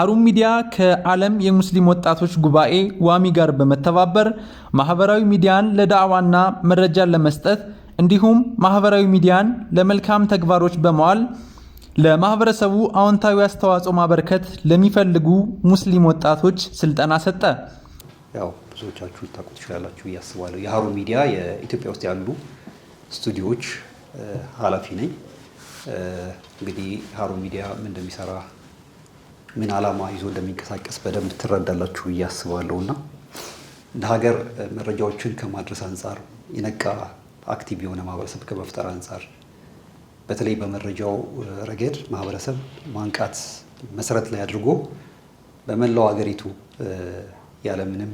ሀሩን ሚዲያ ከዓለም የሙስሊም ወጣቶች ጉባኤ ዋሚ ጋር በመተባበር ማህበራዊ ሚዲያን ለዳዕዋና መረጃን ለመስጠት እንዲሁም ማህበራዊ ሚዲያን ለመልካም ተግባሮች በመዋል ለማህበረሰቡ አዎንታዊ አስተዋጽኦ ማበርከት ለሚፈልጉ ሙስሊም ወጣቶች ስልጠና ሰጠ። ያው ብዙዎቻችሁ ልታውቁት ትችላላችሁ ብዬ አስባለሁ። ሚዲያ የኢትዮጵያ ውስጥ ያሉ ስቱዲዮዎች ኃላፊ ነኝ። እንግዲህ ሀሩን ሚዲያ ምን እንደሚሰራ ምን ዓላማ ይዞ እንደሚንቀሳቀስ በደንብ ትረዳላችሁ ብዬ አስባለሁ እና እንደ ሀገር መረጃዎችን ከማድረስ አንጻር የነቃ አክቲቭ የሆነ ማህበረሰብ ከመፍጠር አንጻር በተለይ በመረጃው ረገድ ማህበረሰብ ማንቃት መሰረት ላይ አድርጎ በመላው ሀገሪቱ ያለምንም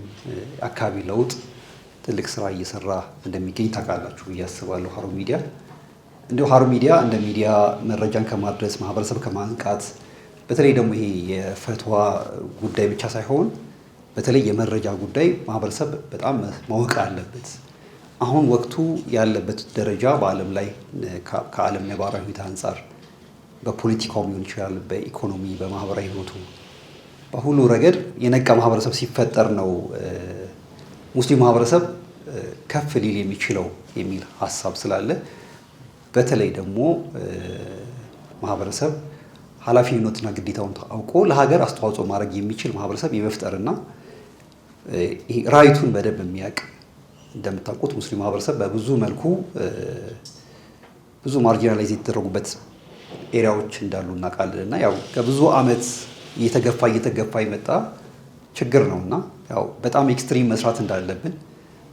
አካባቢ ለውጥ ትልቅ ስራ እየሰራ እንደሚገኝ ታውቃላችሁ ብዬ አስባለሁ። ሀሩን ሚዲያ እንዲሁ ሀሩን ሚዲያ እንደ ሚዲያ መረጃን ከማድረስ ማህበረሰብ ከማንቃት በተለይ ደግሞ ይሄ የፈትዋ ጉዳይ ብቻ ሳይሆን በተለይ የመረጃ ጉዳይ ማህበረሰብ በጣም ማወቅ አለበት። አሁን ወቅቱ ያለበት ደረጃ በዓለም ላይ ከዓለም ነባራዊ ሁኔታ አንጻር በፖለቲካው ሊሆን ይችላል፣ በኢኮኖሚ በማህበራዊ ህይወቱ በሁሉ ረገድ የነቃ ማህበረሰብ ሲፈጠር ነው ሙስሊም ማህበረሰብ ከፍ ሊል የሚችለው የሚል ሀሳብ ስላለ በተለይ ደግሞ ማህበረሰብ ኃላፊነትና ግዴታውን አውቆ ለሀገር አስተዋጽኦ ማድረግ የሚችል ማህበረሰብ የመፍጠርና ራይቱን በደንብ የሚያውቅ እንደምታውቁት ሙስሊም ማህበረሰብ በብዙ መልኩ ብዙ ማርጂናላይዝ የተደረጉበት ኤሪያዎች እንዳሉ እናውቃለን እና ያው ከብዙ ዓመት እየተገፋ እየተገፋ የመጣ ችግር ነው እና ያው በጣም ኤክስትሪም መስራት እንዳለብን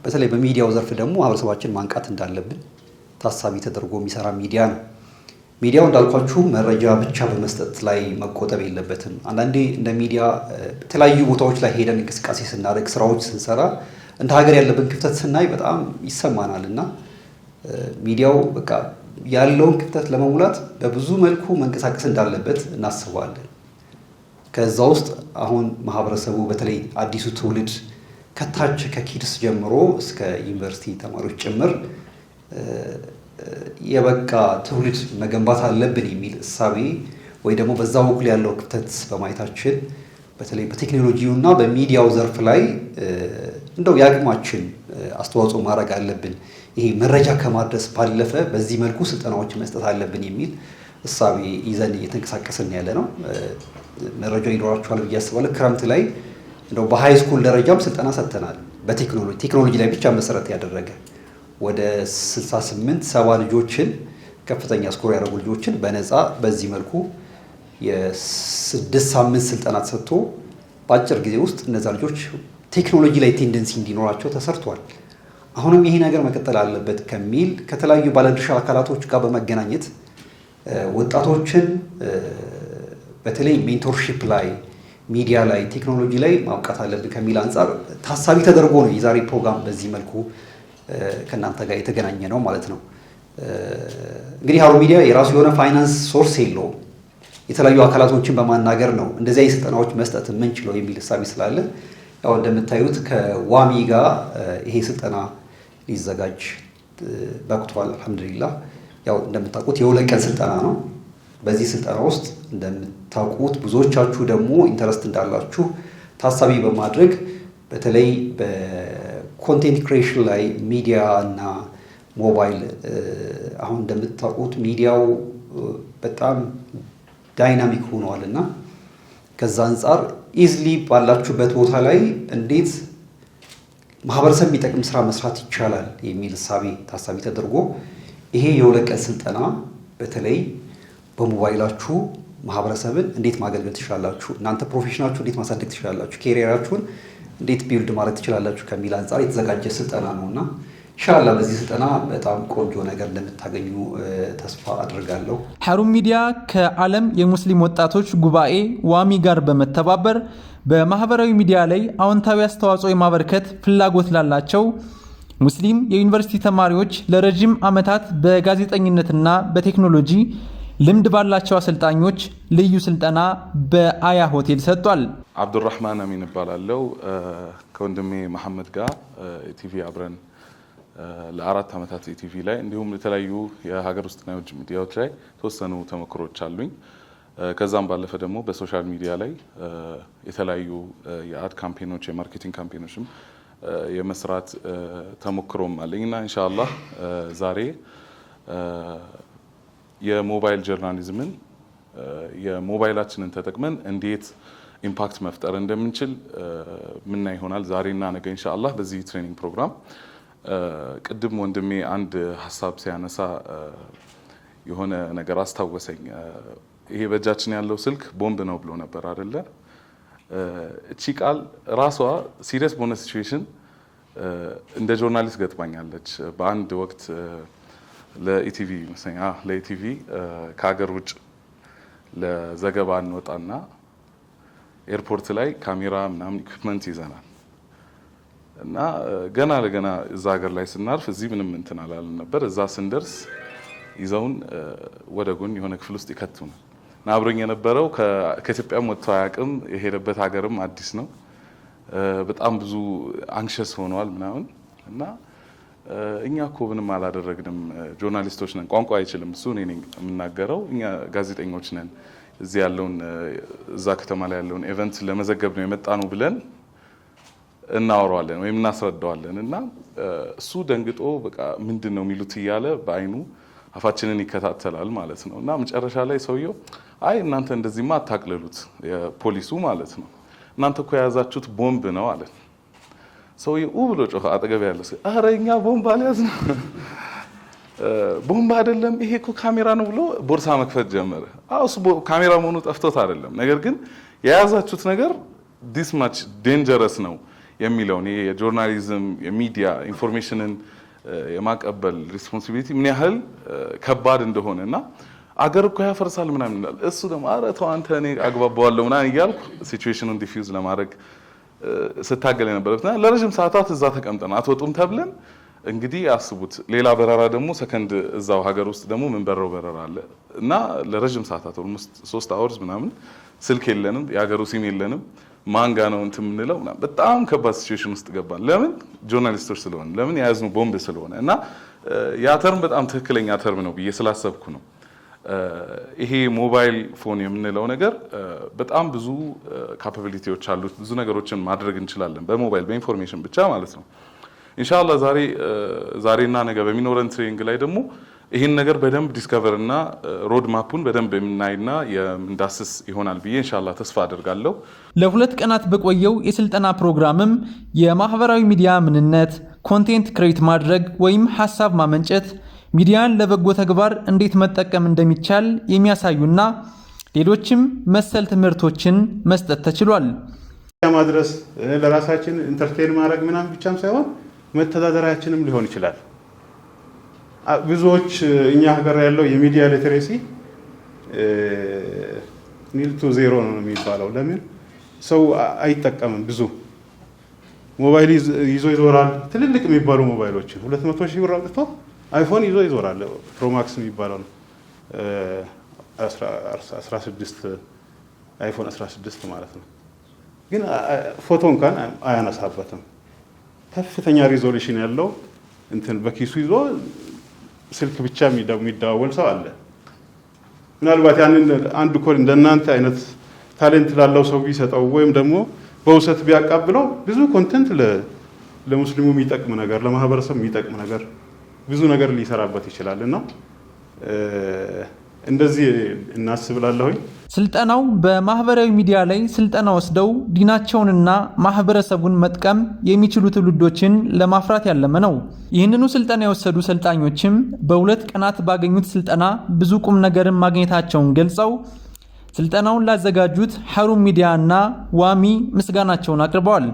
በተለይ በሚዲያው ዘርፍ ደግሞ ማህበረሰባችን ማንቃት እንዳለብን ታሳቢ ተደርጎ የሚሰራ ሚዲያ ነው። ሚዲያው እንዳልኳችሁ መረጃ ብቻ በመስጠት ላይ መቆጠብ የለበትም። አንዳንዴ እንደ ሚዲያ የተለያዩ ቦታዎች ላይ ሄደን እንቅስቃሴ ስናደርግ፣ ስራዎች ስንሰራ እንደ ሀገር ያለብን ክፍተት ስናይ በጣም ይሰማናል እና ሚዲያው በቃ ያለውን ክፍተት ለመሙላት በብዙ መልኩ መንቀሳቀስ እንዳለበት እናስባለን። ከዛ ውስጥ አሁን ማህበረሰቡ በተለይ አዲሱ ትውልድ ከታች ከኪድስ ጀምሮ እስከ ዩኒቨርሲቲ ተማሪዎች ጭምር የበቃ ትውልድ መገንባት አለብን የሚል እሳቤ ወይ ደግሞ በዛ በኩል ያለው ክፍተት በማየታችን በተለይ በቴክኖሎጂው እና በሚዲያው ዘርፍ ላይ እንደው የአቅማችን አስተዋጽኦ ማድረግ አለብን። ይሄ መረጃ ከማድረስ ባለፈ በዚህ መልኩ ስልጠናዎች መስጠት አለብን የሚል እሳቤ ይዘን እየተንቀሳቀስን ያለ ነው። መረጃ ይኖራችኋል ብዬ አስባለሁ። ክረምት ላይ እንደው በሃይ ስኩል ደረጃም ስልጠና ሰጥተናል። በቴክኖሎጂ ቴክኖሎጂ ላይ ብቻ መሰረት ያደረገ ወደ 68 ሰባ ልጆችን ከፍተኛ ስኮር ያደረጉ ልጆችን በነፃ በዚህ መልኩ የስድስት ሳምንት ስልጠና ተሰጥቶ በአጭር ጊዜ ውስጥ እነዛ ልጆች ቴክኖሎጂ ላይ ቴንደንሲ እንዲኖራቸው ተሰርቷል። አሁንም ይሄ ነገር መቀጠል አለበት ከሚል ከተለያዩ ባለድርሻ አካላቶች ጋር በመገናኘት ወጣቶችን በተለይ ሜንቶርሺፕ ላይ፣ ሚዲያ ላይ፣ ቴክኖሎጂ ላይ ማብቃት አለብን ከሚል አንጻር ታሳቢ ተደርጎ ነው የዛሬ ፕሮግራም በዚህ መልኩ ከእናንተ ጋር የተገናኘ ነው ማለት ነው። እንግዲህ ሃሮ ሚዲያ የራሱ የሆነ ፋይናንስ ሶርስ የለውም። የተለያዩ አካላቶችን በማናገር ነው እንደዚያ የስልጠናዎች መስጠት የምንችለው የሚል እሳቤ ስላለ ያው እንደምታዩት ከዋሚ ጋር ይሄ ስልጠና ሊዘጋጅ በቅቷል። አልሐምዱሊላ ያው እንደምታውቁት የሁለት ቀን ስልጠና ነው። በዚህ ስልጠና ውስጥ እንደምታውቁት ብዙዎቻችሁ ደግሞ ኢንተረስት እንዳላችሁ ታሳቢ በማድረግ በተለይ ኮንቴንት ክሬሽን ላይ ሚዲያ እና ሞባይል አሁን እንደምታውቁት ሚዲያው በጣም ዳይናሚክ ሆነዋል እና ከዛ አንጻር ኢዝሊ ባላችሁበት ቦታ ላይ እንዴት ማህበረሰብ የሚጠቅም ስራ መስራት ይቻላል የሚል እሳቤ ታሳቢ ተደርጎ ይሄ የሁለት ቀን ስልጠና በተለይ በሞባይላችሁ ማህበረሰብን እንዴት ማገልገል ትችላላችሁ፣ እናንተ ፕሮፌሽናችሁ እንዴት ማሳደግ ትችላላችሁ፣ ኬሪየራችሁን እንዴት ቢልድ ማድረግ ትችላላችሁ ከሚል አንጻር የተዘጋጀ ስልጠና ነው እና ኢንሻላ በዚህ ስልጠና በጣም ቆንጆ ነገር እንደምታገኙ ተስፋ አድርጋለሁ። ሐሩን ሚዲያ ከዓለም የሙስሊም ወጣቶች ጉባኤ ዋሚ ጋር በመተባበር በማህበራዊ ሚዲያ ላይ አዎንታዊ አስተዋጽኦ የማበርከት ፍላጎት ላላቸው ሙስሊም የዩኒቨርሲቲ ተማሪዎች ለረጅም ዓመታት በጋዜጠኝነትና በቴክኖሎጂ ልምድ ባላቸው አሰልጣኞች ልዩ ስልጠና በአያ ሆቴል ሰጥቷል። አብዱራህማን አሚን እባላለሁ። ከወንድሜ መሐመድ ጋር ኢቲቪ አብረን ለአራት ዓመታት ኢቲቪ ላይ እንዲሁም የተለያዩ የሀገር ውስጥና የውጭ ሚዲያዎች ላይ ተወሰኑ ተሞክሮች አሉኝ። ከዛም ባለፈ ደግሞ በሶሻል ሚዲያ ላይ የተለያዩ የአድ ካምፔኖች የማርኬቲንግ ካምፔኖችም የመስራት ተሞክሮም አለኝ እና ኢንሻአላህ ዛሬ የሞባይል ጀርናሊዝምን የሞባይላችንን ተጠቅመን እንዴት ኢምፓክት መፍጠር እንደምንችል ምና ይሆናል። ዛሬና ነገ ኢንሻአላህ በዚህ ትሬኒንግ ፕሮግራም ቅድም ወንድሜ አንድ ሀሳብ ሲያነሳ የሆነ ነገር አስታወሰኝ። ይሄ በእጃችን ያለው ስልክ ቦምብ ነው ብሎ ነበር አደለ? እቺ ቃል ራሷ ሲሪየስ በሆነ ሲትዌሽን እንደ ጆርናሊስት ገጥማኛለች በአንድ ወቅት ለኢቲቪ ይመስለኛል ለኢቲቪ ከሀገር ውጭ ለዘገባ እንወጣና ኤርፖርት ላይ ካሜራ ምናምን ኢኩፕመንት ይዘናል እና ገና ለገና እዛ ሀገር ላይ ስናርፍ እዚህ ምንም እንትን አላልን ነበር። እዛ ስንደርስ ይዘውን ወደ ጎን የሆነ ክፍል ውስጥ ይከቱናል እና አብሮኝ የነበረው ከኢትዮጵያም ወጥቶ አያውቅም። የሄደበት ሀገርም አዲስ ነው። በጣም ብዙ አንክሸስ ሆኗል ምናምን እና እኛ እኮ ምንም አላደረግንም፣ ጆርናሊስቶች ነን፣ ቋንቋ አይችልም እሱ እኔ የምናገረው፣ እኛ ጋዜጠኞች ነን፣ እዚህ ያለውን እዛ ከተማ ላይ ያለውን ኤቨንት ለመዘገብ ነው የመጣ ነው ብለን እናወራዋለን ወይም እናስረዳዋለን። እና እሱ ደንግጦ በቃ ምንድን ነው የሚሉት እያለ በአይኑ አፋችንን ይከታተላል ማለት ነው። እና መጨረሻ ላይ ሰውየው አይ እናንተ እንደዚህማ አታቅልሉት፣ የፖሊሱ ማለት ነው እናንተ እኮ የያዛችሁት ቦምብ ነው አለን። ሰውዬው ብሎ ጮኸ። አጠገብ ያለ ሰው ኧረ እኛ ቦምብ አልያዝንም፣ ቦምብ አይደለም ይሄ እኮ ካሜራ ነው ብሎ ቦርሳ መክፈት ጀመረ። እሱ ካሜራ መሆኑ ጠፍቶት አይደለም፣ ነገር ግን የያዛችሁት ነገር ዲስ ማች ዴንጀረስ ነው የሚለውን የጆርናሊዝም የሚዲያ ኢንፎርሜሽንን የማቀበል ሪስፖንሲቢሊቲ ምን ያህል ከባድ እንደሆነ እና አገር እኮ ያፈርሳል ምናምን ይላል። እሱ ደግሞ አረ ተው አንተ እኔ አግባባዋለሁ ምናምን እያልኩ ሲቹዌሽኑን ዲፊውዝ ለማድረግ ስታገል የነበረበትና ለረዥም ሰዓታት እዛ ተቀምጠን አትወጡም ተብለን እንግዲህ አስቡት። ሌላ በረራ ደግሞ ሰከንድ እዛው ሀገር ውስጥ ደግሞ ምንበረው በረራ አለ እና ለረዥም ሰዓታት ኦልሞስት ሶስት አወርስ ምናምን ስልክ የለንም፣ የሀገሩ ሲም የለንም። ማንጋ ነው እንትን የምንለው በጣም ከባድ ሲቹዌሽን ውስጥ ገባን። ለምን ጆርናሊስቶች ስለሆነ፣ ለምን የያዝነው ቦምብ ስለሆነ እና ያ ተርም በጣም ትክክለኛ ተርም ነው ብዬ ስላሰብኩ ነው። ይሄ ሞባይል ፎን የምንለው ነገር በጣም ብዙ ካፓቢሊቲዎች አሉት። ብዙ ነገሮችን ማድረግ እንችላለን በሞባይል በኢንፎርሜሽን ብቻ ማለት ነው። እንሻላ ዛሬ ዛሬና ነገ በሚኖረን ትሬኒንግ ላይ ደግሞ ይህን ነገር በደንብ ዲስከቨር እና ሮድ ማፑን በደንብ የምናይና የምንዳስስ ይሆናል ብዬ እንሻላ ተስፋ አድርጋለሁ። ለሁለት ቀናት በቆየው የስልጠና ፕሮግራምም የማህበራዊ ሚዲያ ምንነት፣ ኮንቴንት ክሬት ማድረግ ወይም ሀሳብ ማመንጨት ሚዲያን ለበጎ ተግባር እንዴት መጠቀም እንደሚቻል የሚያሳዩና ሌሎችም መሰል ትምህርቶችን መስጠት ተችሏል። ማድረስ ለራሳችን ኢንተርቴን ማድረግ ምናምን ብቻም ሳይሆን መተዳደሪያችንም ሊሆን ይችላል። ብዙዎች እኛ ሀገር ያለው የሚዲያ ሊትሬሲ ኒል ቱ ዜሮ ነው የሚባለው። ለምን ሰው አይጠቀምም? ብዙ ሞባይል ይዞ ይዞራል። ትልልቅ የሚባሉ ሞባይሎችን ሁለት መቶ ሺህ ብር አውጥቶ አይፎን ይዞ ይዞራል። ፕሮማክስ የሚባለው ነው 16 አይፎን 16 ማለት ነው። ግን ፎቶ እንኳን አያነሳበትም። ከፍተኛ ሪዞሉሽን ያለው እንትን በኪሱ ይዞ ስልክ ብቻ የሚደዋወል ሰው አለ። ምናልባት ያንን አንድ ኮል እንደናንተ አይነት ታሌንት ላለው ሰው ቢሰጠው ወይም ደግሞ በውሰት ቢያቃብለው ብዙ ኮንቴንት ለሙስሊሙ የሚጠቅም ነገር፣ ለማህበረሰብ የሚጠቅም ነገር ብዙ ነገር ሊሰራበት ይችላል እና እንደዚህ እናስብላለሁኝ። ስልጠናው በማህበራዊ ሚዲያ ላይ ስልጠና ወስደው ዲናቸውንና ማህበረሰቡን መጥቀም የሚችሉ ትውልዶችን ለማፍራት ያለመ ነው። ይህንኑ ስልጠና የወሰዱ ሰልጣኞችም በሁለት ቀናት ባገኙት ስልጠና ብዙ ቁም ነገርን ማግኘታቸውን ገልጸው ስልጠናውን ላዘጋጁት ሐሩን ሚዲያ እና ዋሚ ምስጋናቸውን አቅርበዋል።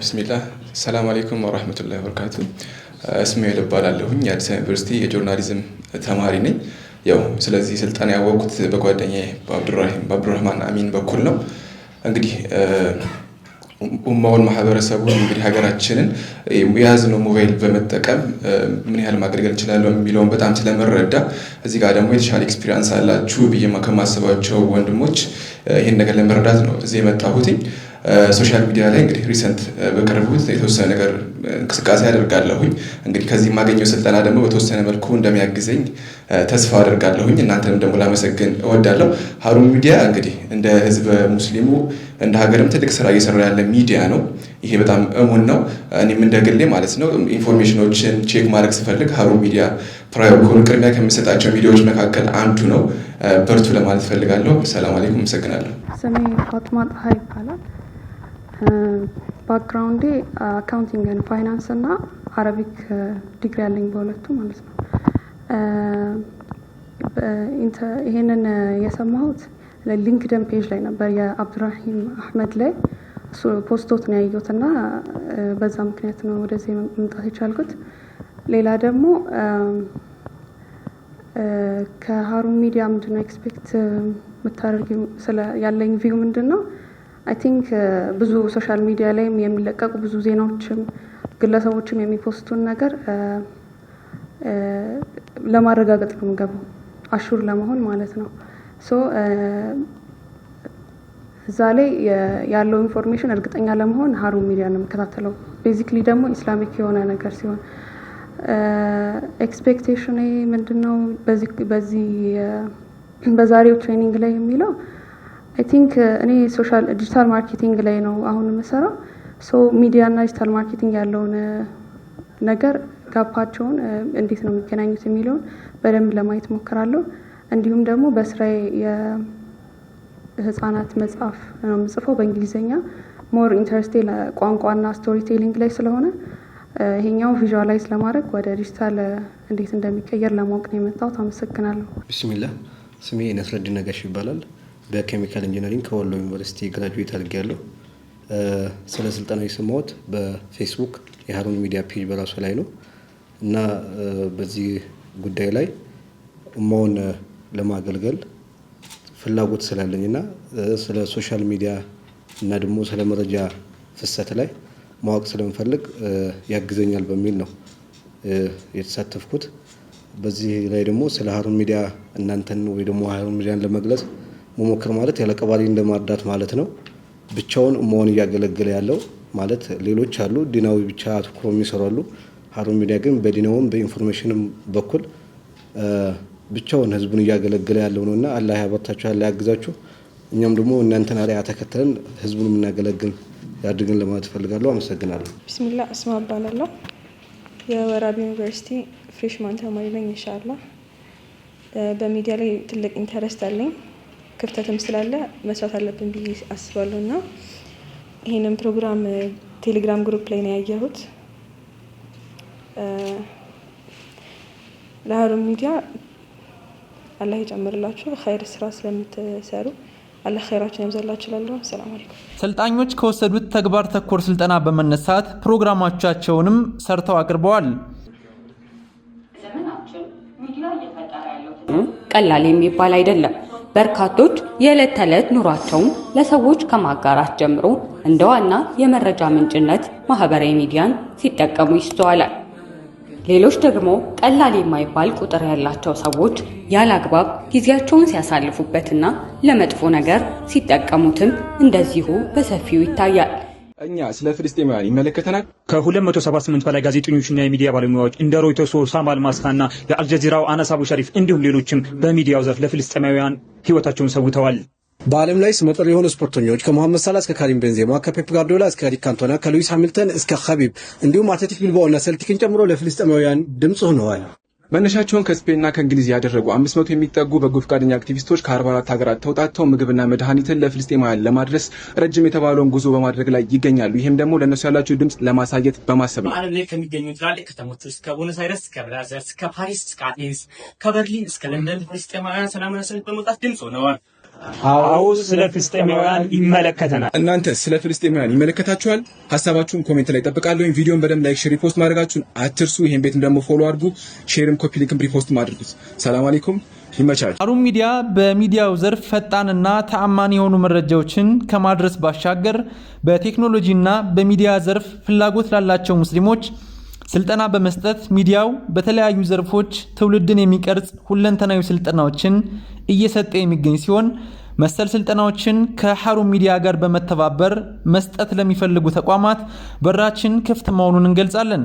ብስሚላህ ሰላም አለይኩም ወረሕመቱላሂ ወበረካቱ እስማኤል እባላለሁኝ የአዲስ አበባ ዩኒቨርሲቲ የጆርናሊዝም ተማሪ ነኝ። ያው ስለዚህ ስልጠና ያወቅኩት በጓደኛ በአብዱራህማን አሚን በኩል ነው። እንግዲህ ኡማውን ማህበረሰቡን እንግዲህ ሀገራችንን የያዝነው ሞባይል በመጠቀም ምን ያህል ማገልገል እንችላለን የሚለውን በጣም ስለመረዳ እዚህ ጋር ደግሞ የተሻለ ኤክስፒሪያንስ አላችሁ ብዬ ከማስባቸው ወንድሞች ይህን ነገር ለመረዳት ነው እዚህ የመጣሁትኝ። ሶሻል ሚዲያ ላይ እንግዲህ ሪሰንት በቅርቡት የተወሰነ ነገር እንቅስቃሴ አደርጋለሁኝ። እንግዲህ ከዚህ የማገኘው ስልጠና ደግሞ በተወሰነ መልኩ እንደሚያግዘኝ ተስፋ አደርጋለሁኝ። እናንተንም ደግሞ ላመሰግን እወዳለሁ። ሀሩን ሚዲያ እንግዲህ እንደ ህዝበ ሙስሊሙ እንደ ሀገርም ትልቅ ስራ እየሰራ ያለ ሚዲያ ነው። ይሄ በጣም እሙን ነው። እኔም እንደግሌ ማለት ነው ኢንፎርሜሽኖችን ቼክ ማድረግ ስፈልግ ሀሩን ሚዲያ ፕራዮኮን ቅድሚያ ከሚሰጣቸው ሚዲያዎች መካከል አንዱ ነው። በርቱ ለማለት ፈልጋለሁ። ሰላም አለይኩም። አመሰግናለሁ። ስሜ ፋጥማ ጣሃ ይባላል። ባክግራውንዴ አካውንቲንግን ፋይናንስ እና አረቢክ ዲግሪ ያለኝ በሁለቱ ማለት ነው። ይሄንን የሰማሁት ሊንክደን ፔጅ ላይ ነበር የአብዱራሂም አህመድ ላይ ፖስቶት ነው ያየሁት እና በዛ ምክንያት ነው ወደዚህ መምጣት የቻልኩት። ሌላ ደግሞ ከሀሩን ሚዲያ ምንድነው ኤክስፔክት ምታደርግ ያለኝ ቪው ምንድን ነው? አይ ቲንክ uh, ብዙ ሶሻል ሚዲያ ላይም የሚለቀቁ ብዙ ዜናዎችም ግለሰቦችም የሚፖስቱን ነገር uh, uh, ለማረጋገጥ ነው የምገባው፣ አሹር ለመሆን ማለት ነው። ሶ እዛ ላይ ያለው ኢንፎርሜሽን እርግጠኛ ለመሆን ሀሩ ሚዲያ ነው የምከታተለው። ቤዚክሊ ደግሞ ኢስላሚክ የሆነ ነገር ሲሆን ኤክስፔክቴሽን ምንድን ነው በዚህ በዛሬው ትሬኒንግ ላይ የሚለው አይ ቲንክ uh, እኔ ሶሻል ዲጂታል ማርኬቲንግ ላይ ነው አሁን የምሰራው። ሶ ሚዲያ እና ዲጂታል ማርኬቲንግ ያለውን uh, ነገር ጋፓቸውን uh, እንዴት ነው የሚገናኙት የሚለውን በደንብ ለማየት ሞክራለሁ። እንዲሁም ደግሞ በስራዬ የህፃናት መጽሐፍ ነው የምጽፈው በእንግሊዝኛ ሞር ኢንተረስቴ ቋንቋና ስቶሪ ቴሊንግ ላይ ስለሆነ ይሄኛው ቪዥዋላይዝ ለማድረግ ወደ ዲጂታል እንዴት እንደሚቀየር ለማወቅ ነው የመጣሁት። አመሰግናለሁ። ብስሚላ ስሜ ነስረድ ነገሽ ይባላል። በኬሚካል ኢንጂነሪንግ ከወሎ ዩኒቨርሲቲ ግራጁዌት አድርጌያለሁ። ስለ ስልጠናው የሰማሁት በፌስቡክ የሀሩን ሚዲያ ፔጅ በራሱ ላይ ነው እና በዚህ ጉዳይ ላይ እማውን ለማገልገል ፍላጎት ስላለኝ እና ስለ ሶሻል ሚዲያ እና ደግሞ ስለ መረጃ ፍሰት ላይ ማወቅ ስለምፈልግ ያግዘኛል በሚል ነው የተሳተፍኩት። በዚህ ላይ ደግሞ ስለ ሀሩን ሚዲያ እናንተን ወይ ደግሞ ሀሩን ሚዲያን ለመግለጽ መሞከር ማለት ያለ ቀባሪ እንደማርዳት ማለት ነው። ብቻውን መሆን እያገለገለ ያለው ማለት ሌሎች አሉ፣ ዲናዊ ብቻ አትኩሮ የሚሰሩ አሉ። ሀሩን ሚዲያ ግን በዲናውም በኢንፎርሜሽንም በኩል ብቻውን ህዝቡን እያገለገለ ያለው ነው እና አላህ ያበርታችሁ፣ አላህ ያግዛችሁ። እኛም ደግሞ እናንተን አርአያ ተከትለን ህዝቡን የምናገለግል ያድግን ለማለት እፈልጋለሁ። አመሰግናለሁ። ቢስሚላ እስማ እባላለሁ። የወራቢ ዩኒቨርሲቲ ፍሬሽማን ተማሪ ነኝ። ኢንሻአላህ በሚዲያ ላይ ትልቅ ኢንተረስት አለኝ። ክፍተትም ስላለ መስራት አለብን ብዬ አስባለሁ እና ይህንን ፕሮግራም ቴሌግራም ግሩፕ ላይ ነው ያየሁት። ለሀሩን ሚዲያ አላህ ይጨምርላችሁ። ኸይር ስራ ስለምትሰሩ አላህ ኸይራችን ያብዛላችሁ። ላለ ሰላም አለይኩም። ሰልጣኞች ከወሰዱት ተግባር ተኮር ስልጠና በመነሳት ፕሮግራማቻቸውንም ሰርተው አቅርበዋል። ቀላል የሚባል አይደለም። በርካቶች የዕለት ተዕለት ኑሯቸውን ለሰዎች ከማጋራት ጀምሮ እንደ ዋና የመረጃ ምንጭነት ማህበራዊ ሚዲያን ሲጠቀሙ ይስተዋላል። ሌሎች ደግሞ ቀላል የማይባል ቁጥር ያላቸው ሰዎች ያለ አግባብ ጊዜያቸውን ሲያሳልፉበትና ለመጥፎ ነገር ሲጠቀሙትም እንደዚሁ በሰፊው ይታያል። እኛ ስለ ፍልስጤማውያን ይመለከተናል። ከ278 በላይ ጋዜጠኞችና የሚዲያ ባለሙያዎች እንደ ሮይተርስ ሳም አልማስታና የአልጀዚራው አናስ አቡ ሸሪፍ እንዲሁም ሌሎችም በሚዲያው ዘርፍ ለፍልስጤማውያን ህይወታቸውን ሰውተዋል። በዓለም ላይ ስመጥር የሆኑ ስፖርተኞች ከሞሐመድ ሳላ እስከ ካሪም ቤንዜማ ከፔፕ ጋርዲዮላ እስከ ኤሪክ ካንቶና ከሉዊስ ሃሚልተን እስከ ኸቢብ እንዲሁም አትሌቲክ ቢልባኦና ሴልቲክን ጨምሮ ለፍልስጤማውያን ድምፅ ሆነዋል። መነሻቸውን ከስፔንና ከእንግሊዝ ያደረጉ 500 የሚጠጉ በጎ ፈቃደኛ አክቲቪስቶች ከ44 ሀገራት ተውጣተው ምግብና መድኃኒትን ለፍልስጤማውያን ለማድረስ ረጅም የተባለውን ጉዞ በማድረግ ላይ ይገኛሉ። ይህም ደግሞ ለእነሱ ያላቸው ድምፅ ለማሳየት በማሰብ ነው። በዓለም ላይ ከሚገኙ ትላልቅ ከተሞች ውስጥ ከቦኖስ አይረስ እስከ ብራዘርስ፣ ከፓሪስ እስከ አቴንስ፣ ከበርሊን እስከ ለንደን ፍልስጤማውያን ሰላማዊ ሰልፍ በመውጣት ድምፅ ሆነዋል። አዎ ስለ ፍልስጤማውያን ይመለከተናል። እናንተ ስለ ፍልስጤማውያን ይመለከታችኋል? ሀሳባችሁን ኮሜንት ላይ ጠብቃለሁ። ቪዲዮን በደንብ ላይክ፣ ሼር፣ ሪፖስት ማድረጋችሁን አትርሱ። ይሄን ቤትም ደግሞ ፎሎ አድርጉ። ሼርም ኮፒ ሊንክም ሪፖስት አድርጉት። ሰላም አለይኩም። ይመቻል። ሃሩን ሚዲያ በሚዲያው ዘርፍ ፈጣንና ተአማኒ የሆኑ መረጃዎችን ከማድረስ ባሻገር በቴክኖሎጂና በሚዲያ ዘርፍ ፍላጎት ላላቸው ሙስሊሞች ስልጠና በመስጠት ሚዲያው በተለያዩ ዘርፎች ትውልድን የሚቀርጽ ሁለንተናዊ ስልጠናዎችን እየሰጠ የሚገኝ ሲሆን መሰል ስልጠናዎችን ከሀሩን ሚዲያ ጋር በመተባበር መስጠት ለሚፈልጉ ተቋማት በራችን ክፍት መሆኑን እንገልጻለን።